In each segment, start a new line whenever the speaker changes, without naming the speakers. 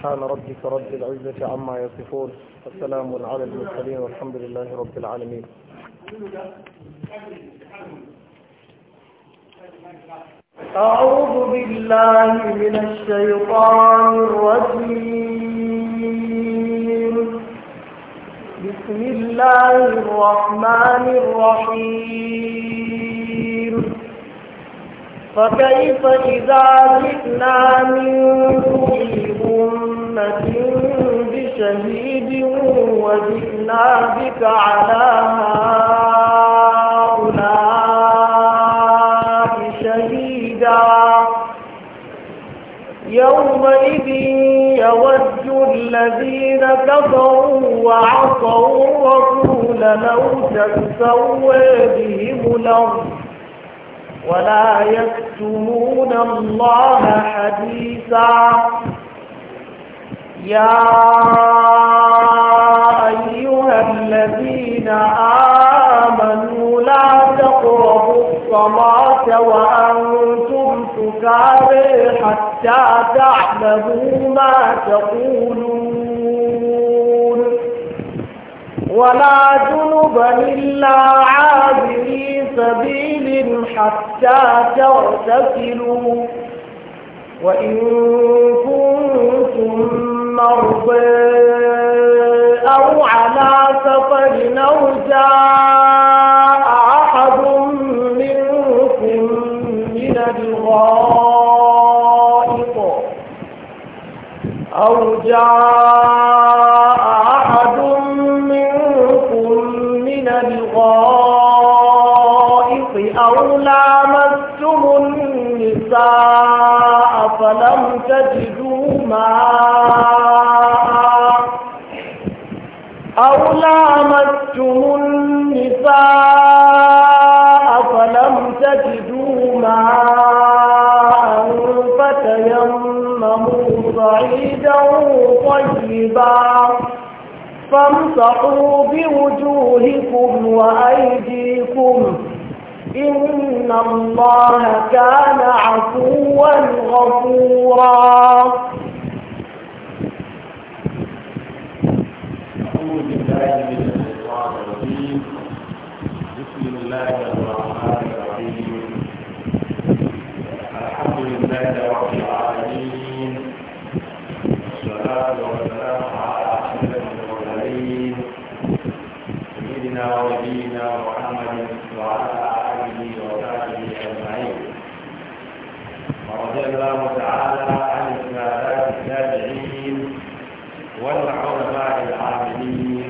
سبحان ربك رب العزة عما يصفون والسلام على المرسلين والحمد لله رب العالمين
أعوذ بالله من الشيطان الرجيم بسم الله الرحمن الرحيم فكيف إذا جئنا من كل أمة بشهيد وجئنا بك على هؤلاء شهيدا يومئذ يود الذين كفروا وعصوا الرسول لو تسوى بهم الأرض ولا يكتمون الله حديثا يا أيها الذين آمنوا لا تقربوا الصلاة وأنتم سكارى حتى تعلموا ما تقولون ولا جنبا إلا عابري سبيل حتى تغتسلوا وإن كنتم الأرض أو على سفر أو جاء أحد منكم من الغائط أو جاء أحد منكم من الغائط أو لامستم النساء فلم تجدوا ماءً تجدوا ماء فتيمموا صعيدا طيبا فامسحوا بوجوهكم وأيديكم إن الله كان عفوا غفورا
بالله بسم الله لله رب العالمين والصلاة والسلام على أحمد المرسلين سيدنا ونبينا محمد وعلى آله وصحبه أجمعين ورضي الله تعالى عن السادات التابعين والعلماء العاملين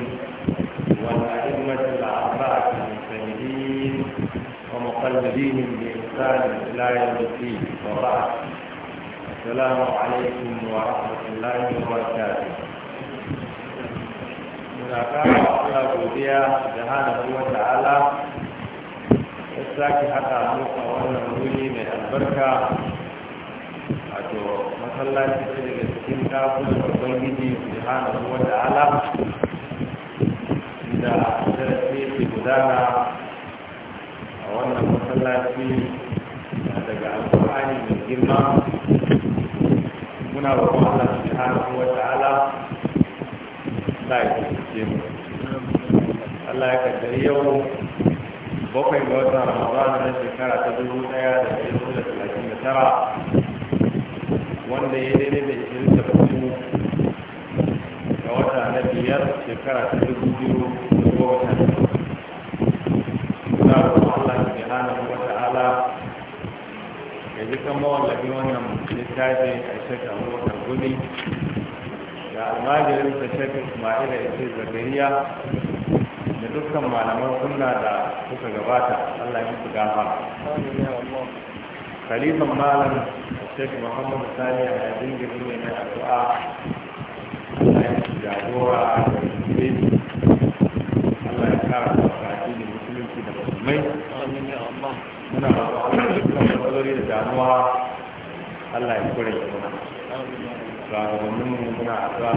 والأئمة الأربعة المجتهدين ومقلديهم بإحسان إلى يوم السلام عليكم ورحمة الله وبركاته مناقاة الله godiya da hana ruwa ta'ala ya sake haɗa muka wannan wuri mai albarka wato masallaci ce daga cikin dakunan ubangiji da hana ruwa ta'ala da darasi ke gudana a wannan masallaci daga alƙur'ani mai girma muna roƙon Allah subhanahu wa ta'ala Allah ya kusurce mu Allah ya kaddari yau bakwai ga watan Ramadan na shekara ta dubu ɗaya da ɗari da talatin da tara wanda ya daidai da ishirin da hudu ga wata na biyar shekara ta dubu biyu da goma sha na roƙon Allah subhanahu wa ta'ala da jikan mawallafi wannan littafi a shekar abubakar gumi da almajirin da shekar ismaila ce zakariya da dukkan malaman sunna da kuka gabata allah ya gafa kalifan malam shekar muhammadu sani a yadin gari ne na addu'a a ya jagora a da allah ya kara da musulunci da musulmai suna matsaloli da damuwa Allah ya kure shi muna shugabannin mu muna addu'a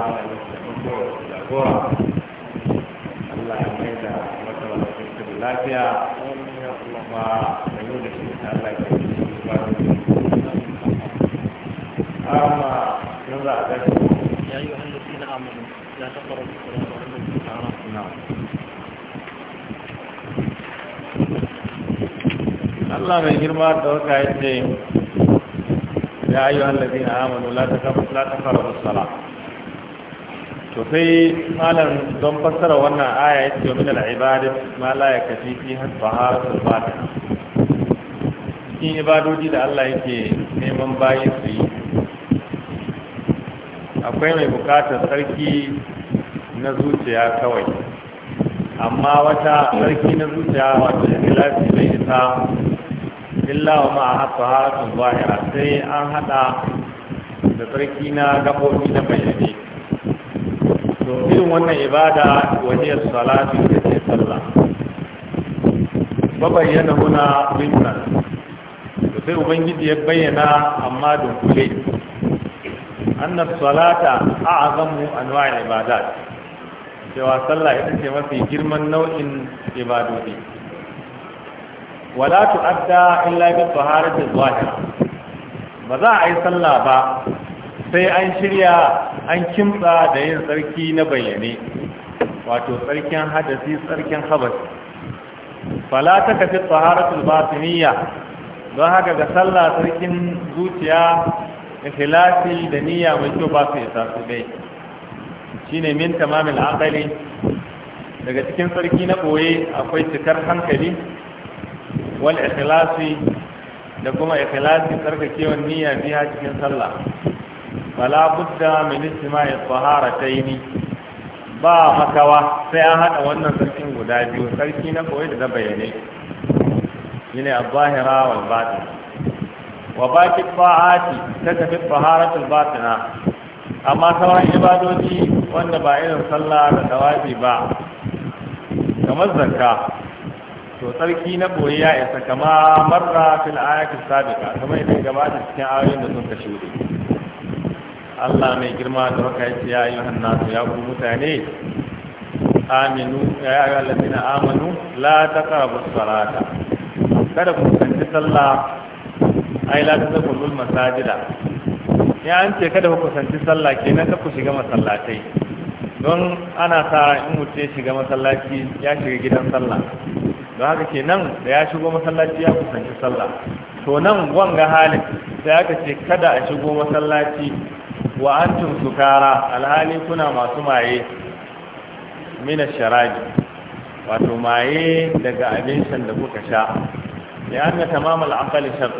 da gora Allah ya mai da mata wata cikin lafiya kuma da yau da shi ta Allah ya kure shi ba da shi amma yanzu a gashi ya yi wa hannun sina amanu ya taɓa rabu da wani na'am Allah mai girma da waka ya ce ya ayyu allazi na amanu la taqrabu as-salat sai malam don fassara wannan aya ya ce min al-ibad ma la fi taharatu al-batin cikin ibadoji da Allah yake neman bayi su yi akwai mai bukatar sarki na zuciya kawai amma wata sarki na zuciya wato ya lafi zai isa illa wa ma hasaratun zahira sai an hada da sarki na gabobi na bayyane to irin wannan ibada wajiyar salatu da ke sallah ba bayyana huna binnan to sai ubangiji ya bayyana amma dunkule annas salata a'zamu anwa'il ibadat cewa sallah ita ce mafi girman nau'in ibadodi wala tu'adda illa bi taharati zahira ba za a yi sallah ba sai an shirya an kimtsa da yin tsarki na bayyane wato tsarkin hadasi tsarkin habas fala ta kafi taharatul batiniya don haka ga sallah tsarkin zuciya ikhlasi da niyya mai kyau ba su isa su dai shine min tamamil aqali daga cikin tsarki na boye akwai cikar hankali wal ikhlasi da kuma ikhlasi tsarkakewan niyya biya cikin sallah fala budda min istima'i taharataini ba makawa sai an hada wannan sarkin guda biyu sarki na koyi da bayanai shine az-zahira wal batin wa baqi ta'ati tatafi taharatul batina amma sauran ibadoji wanda ba irin sallah da tawafi ba kamar zakka to sarki na boye ya isa kama marra fil ayatul sabiqa kamar yadda gabata cikin ayoyin da sun kashe wuri Allah mai girma da waka yace ya yi hannasu ya ku mutane aminu ya yi alladina amanu la taqrabu salata kada ku kusanci sallah ai la taqrabu masajida ya an ce kada ku kusanci sallah kenan ka ku shiga masallatai don ana sa in mutum shiga masallaci ya shiga gidan sallah da haka ke nan da ya shigo masallaci ya kusanci sallah to nan wanga halin sai aka ce kada a shigo masallaci wa antum sukara alhali kuna masu maye mina sharaji wato maye daga abin shan da kuka sha ya anna tamamal aqali shart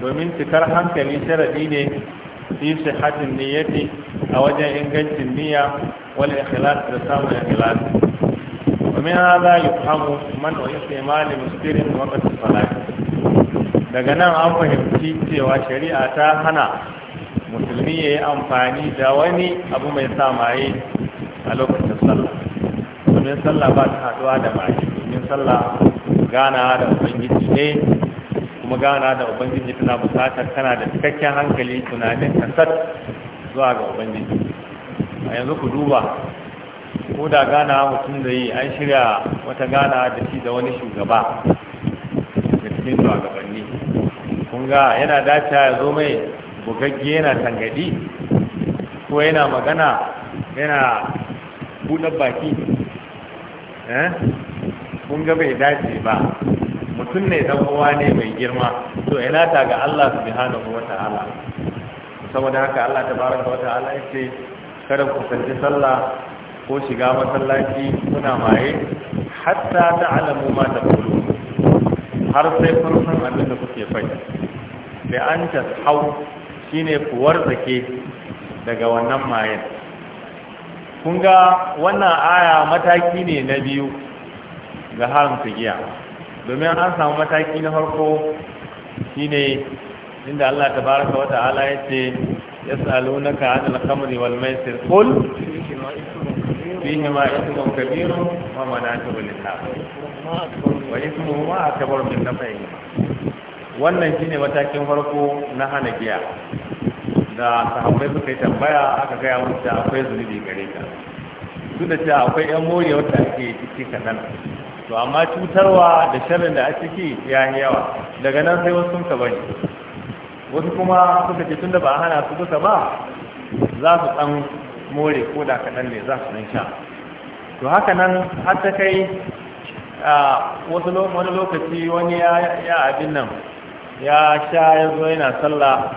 domin cikar hankali sharadi ne fi sihhatin niyyati a wajen ingancin niyya wal ikhlas da samun ikhlas ومن هذا يفهم من استعمال مسكر وقت الصلاة daga nan an fahimci cewa shari'a ta hana musulmi ya yi amfani da wani abu mai sa maye a lokacin sallah domin sallah ba ta haduwa da baki, domin sallah gana da ubangiji ne kuma gana da ubangiji tana bukatar tana da cikakken hankali tunanin kasar zuwa ga ubangiji a yanzu ku duba ko da gana mutum da yi an shirya wata gana da shi da wani shugaba da cikin zuwa gabanni kun ga yana dace ya zo mai bugagge yana tangadi ko yana magana yana buɗe baki eh? kun ga bai dace ba mutum ne dan uwa ne mai girma to ina ta ga Allah subhanahu wa ta'ala saboda haka Allah tabaraka ala ya yace kada ku sanci sallah ko shiga masallaci suna maye hatta ta alamu ma kulu har sai farkon abin da kuke fai da an shi ne kuwar zake daga wannan mayen kun ga wannan aya mataki ne na biyu ga harin giya domin an samu mataki na farko shine inda Allah ta baraka wata ala tabaraka ce ya yace na ka'adar kamar wal maisir qul فيهما إثم كبير للناس وإثمهما أكبر من نفعهما wannan shine matakin farko na hana giya da sahabbai suka yi tambaya aka gaya musu akwai zunubi gare ta duk da cewa akwai yan moriya wata ake ciki kanan to amma cutarwa da sharrin da a ciki ya yi yawa daga nan sai wasu sunka ka bari wasu kuma suka ce da ba a hana su duka ba za su dan more ko da kaɗan ne za su sha to haka nan har ta kai wasu wani lokaci wani ya abin nan ya sha ya zo yana sallah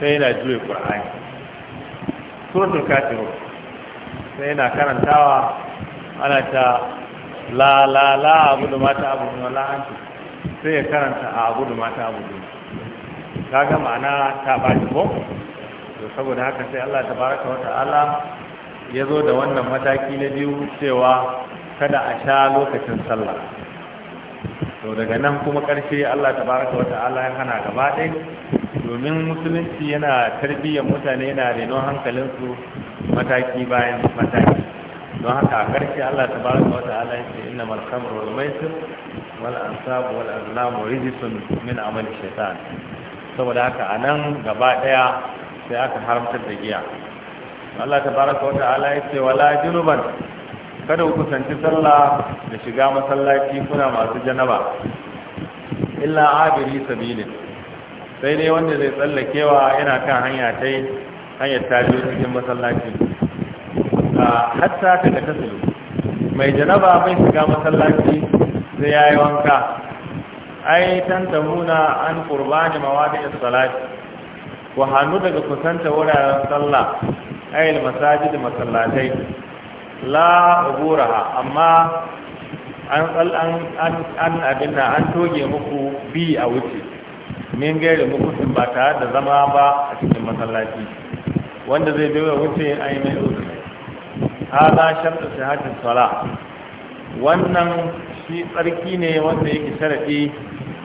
sai yana juye ƙur'ani suratul kafiro sai yana karantawa ana ta la la la abu da mata abu da la sai ya karanta a abu da mata abu da kaga ma'ana ta ba ko saboda haka sai Allah tabaraka wa ta'ala ya zo da wannan mataki na biyu cewa kada a sha lokacin sallah to daga nan kuma ƙarshe Allah baraka wa ta'ala ya hana gaba ɗaya domin musulunci yana tarbiyyar mutane yana reno hankalinsu mataki bayan mataki don haka a ƙarshe Allah baraka wa ta'ala ya ce inna mal khamru wal maisir wal ansab wal azlam rijsun min amali shaitan saboda haka nan gaba ɗaya sai aka haramtar da giya Allah Baraka wa ta'ala ya ce wala junuban kada ku kusanci sallah da shiga masallaci kuna masu janaba illa abiri sabilin sai dai wanda zai tsallakewa yana kan hanya ta hanyar ta cikin masallaci hatta ta ka tasiri mai janaba mai shiga masallaci zai yayi wanka ai tantamuna an qurbani mawadi as-salati wa hannu daga kusanta wuraren sallah ayil masajid masallatai la uburaha amma an an an an abinda an toge muku bi a wuce min gaire muku sun ba tare da zama ba a cikin masallaci wanda zai bi wuce an yi mai uzuri hada shartu sihatin sala wannan shi tsarki ne wanda yake sharadi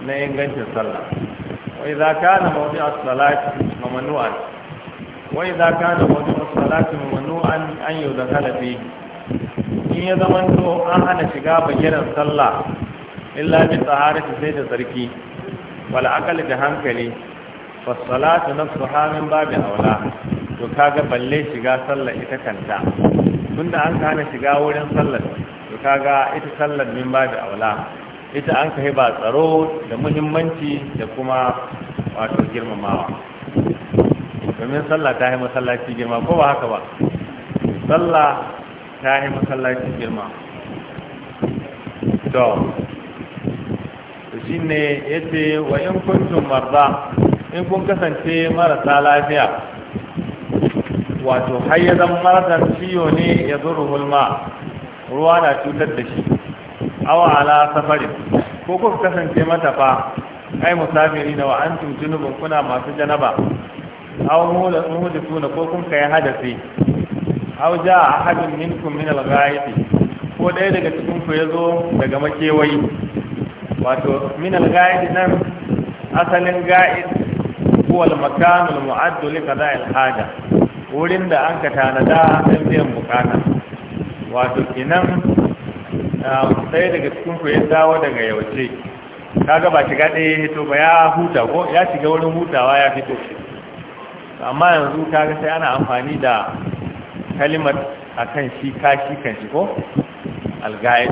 na ingancin sallah wa idza kana mawdi'us salati mamnu'an wai za ka da wajen salatin manu an an yau da talafi in ya zamanto an hana shiga bagiran sallah illa bi taharati sai da sarki wal aqal da hankali fa salatu nafsuha min aula to kaga balle shiga sallah ita kanta tunda an ka hana shiga wurin sallar to kaga ita sallar min babin aula ita an kai ba tsaro da muhimmanci da kuma wato girmamawa domin sallah ta yi masallaci girma ko ba haka ba sallah ta yi masallaci girma to shi ne ya ce wa in kuntum marza in kun kasance marasa lafiya wato har ya zama marasa ciwo ne ya zo ruhulma. ruwa na cutar da shi awa ala safari ko kuka kasance matafa ai musafiri na wa antum junubun kuna masu janaba aw muhdithuna ko kun kai hadasi aw jaa ahadun minkum min al-ghaib ko dai daga cikin ku yazo daga makewayi wato min al-ghaib nan asalin ga'id huwa al-makan al-mu'add li qada' al-haja wurin da an ka tanada dan biyan bukata wato kinan ɗaya daga cikin ku ya dawo daga yauce kaga ba shiga ɗaya ya hito ba ya huta ko ya shiga wurin hutawa ya fito amma yanzu kaga sai ana amfani da kalimar akan shi kashi kan shi ko algayat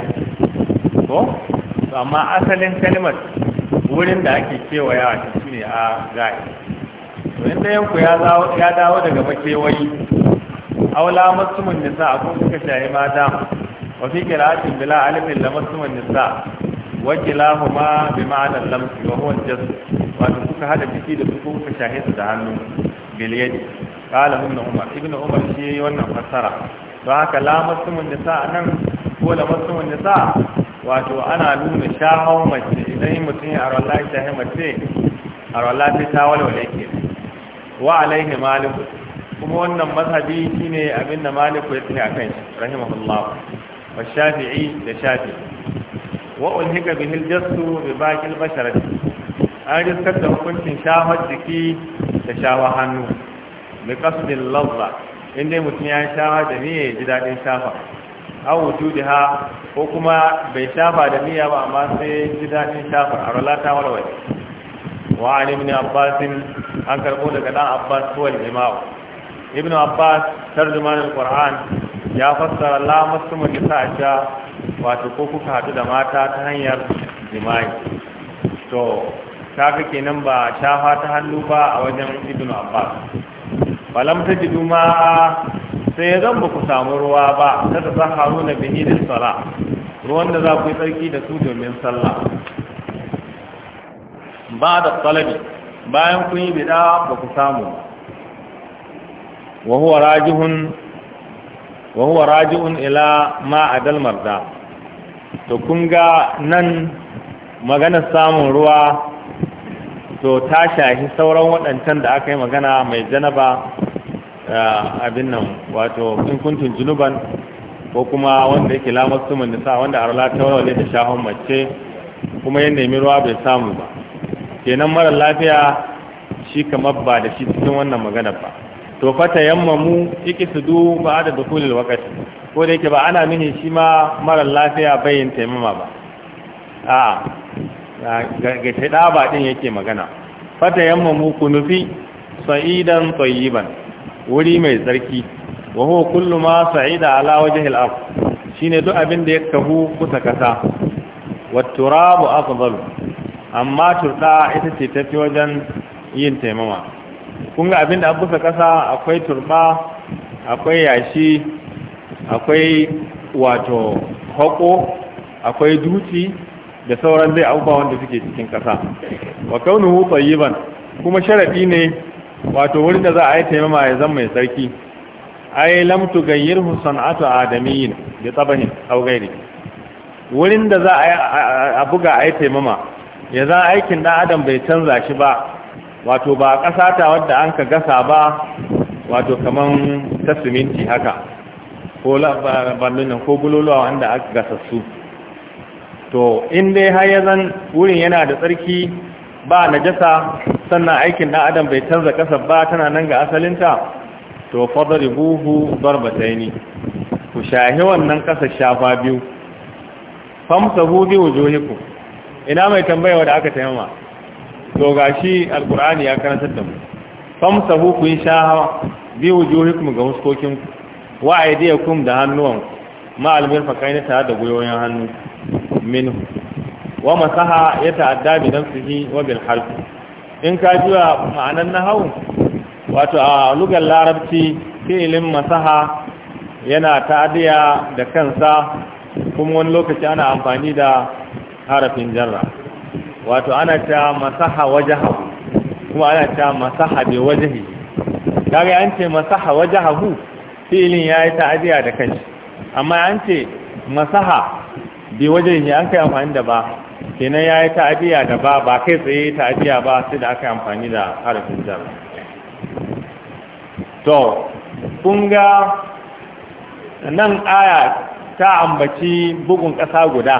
ko To amma asalin kalimar wurin da ake kewayawa shi shine a gai to in yanku ya dawo daga makewayi aula masumin nisa ko kuka shayi mata wa fi qira'atin bila alifin la masumin nisa wa kilahuma bi ma'anar lamsi wa huwa jazm wato kuka hada ciki da su kuka shahi su da hannu bil yadi ibn umar ibn umar shi yi wannan fassara don haka la masumun nisa nan ko la masumun nisa wato ana nuna shahon mace idan mutum ya arwala ta yi mace arwala ta ta walwale ke wa alaihi malik kuma wannan mazhabi shine abinda malik ya tsaya kan shi rahimahullah wa shafi'i da shafi'i wa ulhiqa bihi aljasu bi baqi albasharati an riskar da hukuncin shahon jiki ta shawa hannu bi qasdil lalza inda mutum ya shawa da niyya ya ji daɗin shafa da ha ko kuma bai shafa da niyya ba amma sai ji daɗin shafa a ta warware wa ali ibn abbas an karɓo daga ɗan abbas ko wani imam ibn abbas tarjuman al-qur'an ya fassara la muslimu nisa wato ko kuka hadu da mata ta hanyar jima'i to kaga kenan ba shafa ta hannu ba a wajen ibn abbas falam ta ji duma sai zan ku samu ruwa ba ta da za haru na bihi da sala ruwan da za ku yi tsarki da su domin sallah ba da salabi bayan kun yi bida ba ku samu wa huwa rajihun wa huwa raji'un ila ma adal marda to kun ga nan maganar samun ruwa to ta shahi sauran waɗancan da aka yi magana mai janaba eh, abin nan wato in kuntun junuban ko kuma wanda yake lamar sumin nisa wanda arla ta warware da shahon mace kuma yin nemi ruwa bai samu ba kenan mara lafiya shi kamar ba da shi cikin wannan magana ba to fata mu iki su du ba da dukulil wakati ko da yake ba ana nuni shi ma mara lafiya bayin taimama ba a ga ba din yake magana fata yamma mu kunufi sa'idan tayyiban wuri mai tsarki wa huwa kullu ma sa'ida ala wajhi al shine duk abin da ya kahu kusa kasa wa turabu afdal amma turda ita ce tafi wajen yin taimama kun ga abin da abu kusa kasa akwai turba akwai yashi akwai wato hako akwai duti da sauran dai abubuwa wanda suke cikin ƙasa wa kaunuhu tayyiban kuma sharadi ne wato wurin da za a yi taimama ya zama mai tsarki ai lam tughayyirhu san'atu adamiyyin bi tabahin aw ghairi wurin da za a buga a yi taimama ya za aikin dan adam bai canza shi ba wato ba ƙasa ta wadda an ka gasa ba wato kaman ta siminti haka ko bandun ko bululuwa wanda aka gasa su to in dai har ya wurin yana da tsarki ba najasa sannan aikin dan adam bai canza ƙasa ba tana nan ga asalinta to fadari buhu barbataini ku shahi wannan ƙasa shafa biyu famsa hu biyu ina mai tambaya da aka tayyama to gashi alkur'ani ya karantar da mu famsa hu ku shaha biyu wujuhikum ga muskokin wa aidiyakum da hannuwan ma almirfaqaini ta da goyoyin hannu minhu wa masaha ya ta'adda bi nafsihi wa bil harf in ka jiwa ma'anan nahwu wato a lugar larabci fi'ilin masaha yana ta'adiya da kansa kuma wani lokaci ana amfani da harafin jarra wato ana ta masaha wajaha kuma ana ta masaha bi wajahi kaga an ce masaha wajahu fi'ilin yayi ta'adiya da kansa amma an ce masaha bi wajen yi an kai amfani da ba kenan ya yi ta'adiyya da ba ba kai tsaye ta'adiyya ba sai da aka amfani da harafin jar to kunga nan aya ta ambaci bugun kasa guda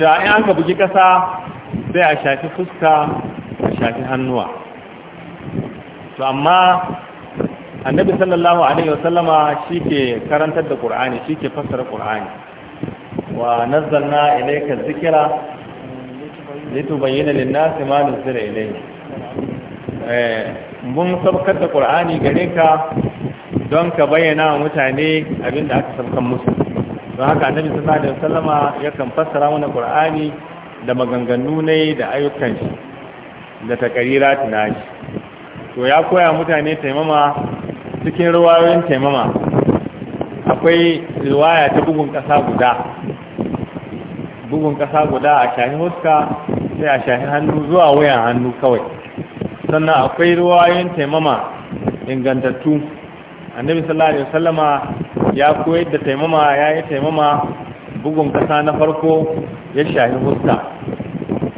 da in an ka bugi ƙasa sai a shafi fuska a shafi hannuwa to amma annabi sallallahu alaihi wasallama shi ke karantar da ƙur'ani shi ke fassara ƙur'ani wa nazzalna ilayka dhikra litubayyana lin-nasi ma nuzila ilayhi eh mun sabkar da qur'ani gare ka don ka bayyana wa mutane abinda aka sabkan musu don haka annabi sallallahu alaihi wasallama yakan fassara mana qur'ani da maganganu ne da ayyukan shi da takarira tunashi to ya koya mutane taimama cikin ruwayoyin taimama akwai riwaya ta bugun ƙasa guda bugun ƙasa guda a shahin huska sai a shahin hannu zuwa wayan hannu kawai sannan akwai ruwayoyin taimama ingantattu annabi sallallahu alaihi wasallama ya koyar da taimama ya yi taimama bugun ƙasa na farko ya shahi huska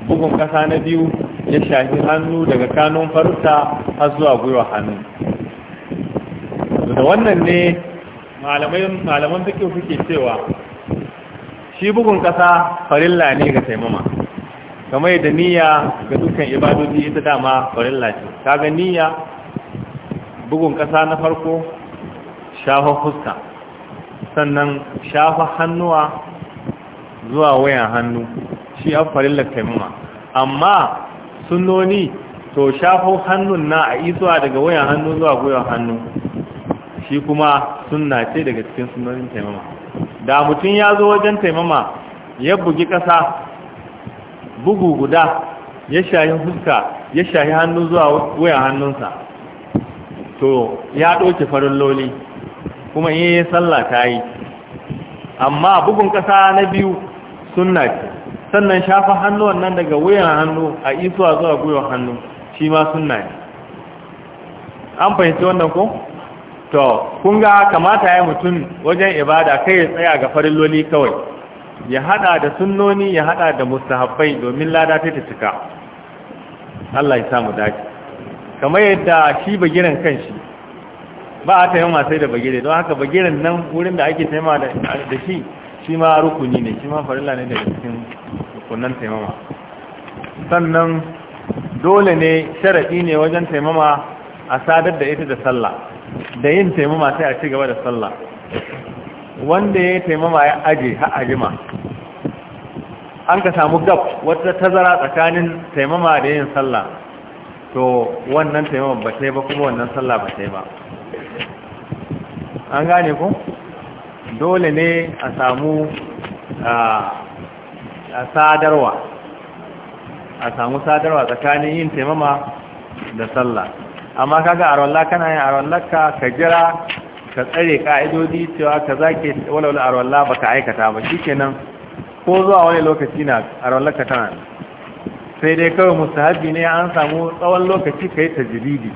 bugun ƙasa na biyu ya shahi hannu daga kanun faruta, har zuwa gwiwa hannu da wannan ne malaman fikin suke cewa shi bugun ƙasa farilla ne ga taimama kamar yadda niyya ga dukkan ibadoji ita dama farilla ce kaga niyya bugun kasa na farko shafa fuska sannan shafa hannuwa zuwa wayan hannu shi an farilla taimama amma sunoni to shafa hannun na a isuwa daga wayan hannu zuwa goyon hannu shi kuma sunna ce daga cikin sunonin taimama da mutum ya zo wajen taimama ya bugi ƙasa bugu guda ya shahi huska ya shayi hannu zuwa wuyan hannunsa to ya ɗauke farin loli kuma yi yi sallah ta yi amma bugun ƙasa na biyu sunna ce sannan shafa hannu nan daga wuyan hannu a isuwa zuwa gwiwan hannu shi ma sunna ne an fahimci wannan ko? to kun ga kamata ya mutum wajen ibada kai ya tsaya ga farilloli kawai ya hada da sunnoni ya hada da mustahabbai domin lada ta cika Allah ya samu dace kamar yadda shi bagiran kanshi ba a ta yamma sai da bagire don haka bagiran nan wurin da ake taima da shi shi ma rukuni ne shi ma farilla ne da cikin rukunan taimama sannan dole ne sharaɗi ne wajen taimama a sadar da ita da sallah da yin taimama sai a ci gaba da sallah wanda ya taimama ya aje har ajima an ka samu gab wata tazara tsakanin taimama da yin sallah to wannan taimama ba sai ba kuma wannan sallah ba sai ba an gane ku dole ne a samu a sadarwa a samu sadarwa tsakanin yin taimama da sallah amma kaga rola kana yin rola ka jira ka tsare ka'idodi cewa ka zake walawala ba ka aikata ba shi nan ko zuwa wani lokaci na ka tana sai dai kawai mustahabi ne an samu tsawon lokaci ka yi jiridi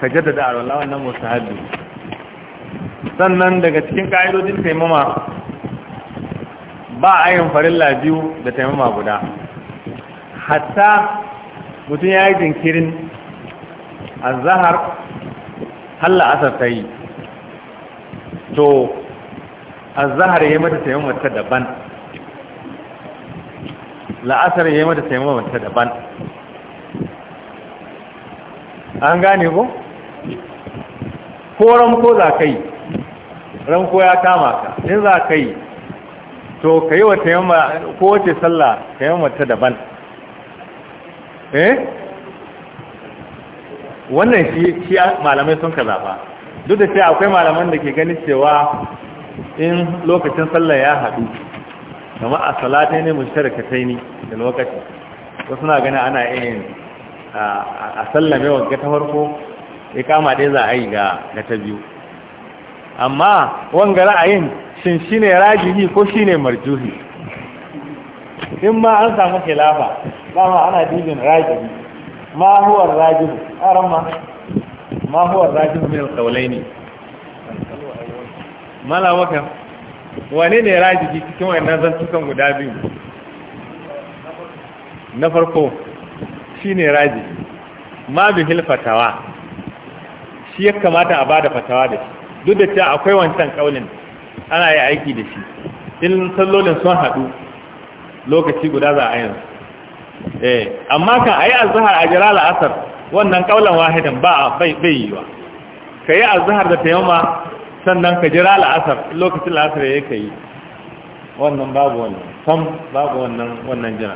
ka jaddada rola wannan mustahabi sannan daga cikin ka'idodin taimama ba a yin farilla biyu da taimama guda hatta mutum ya yi jinkirin azhar halla asar ta yi to azhar ya mata taimama mata daban la'asar ya mata taimama mata daban an gane ko ko za ka yi ranko ya kama ka in za ka yi to ka yi wa taimama ko wace sallah taimama mata daban eh wannan shi malamai sun ka zafa duk da cewa akwai malaman da ke gani cewa in lokacin sallah ya haɗu kuma a salatai ne musharakatai ne da lokaci ko na gani ana yin a sallah mai ta farko ya kama ɗaya za a yi ga ta biyu amma wanga ra'ayin shin shi ne rajihi ko shi ne marjuhi in ma an samu khilafa ba ma ana dibin rajihi ما هو الراجل aramma ما هو الراجل من القولين ما لا wane ne rajihi cikin wannan zantukan guda biyu na farko shine rajihi shi ya kamata a bada fatawa da shi duk da cewa akwai wancan kaulin ana yi aiki da shi in sallolin sun haɗu lokaci guda za a yanzu eh amma kan ayi azhar a jira la'asar wannan kaulan wahidan ba bai bai yiwa kai azhar da tayyama sannan ka jira la'asar lokacin la'asar ya kai wannan babu wannan sam babu wannan wannan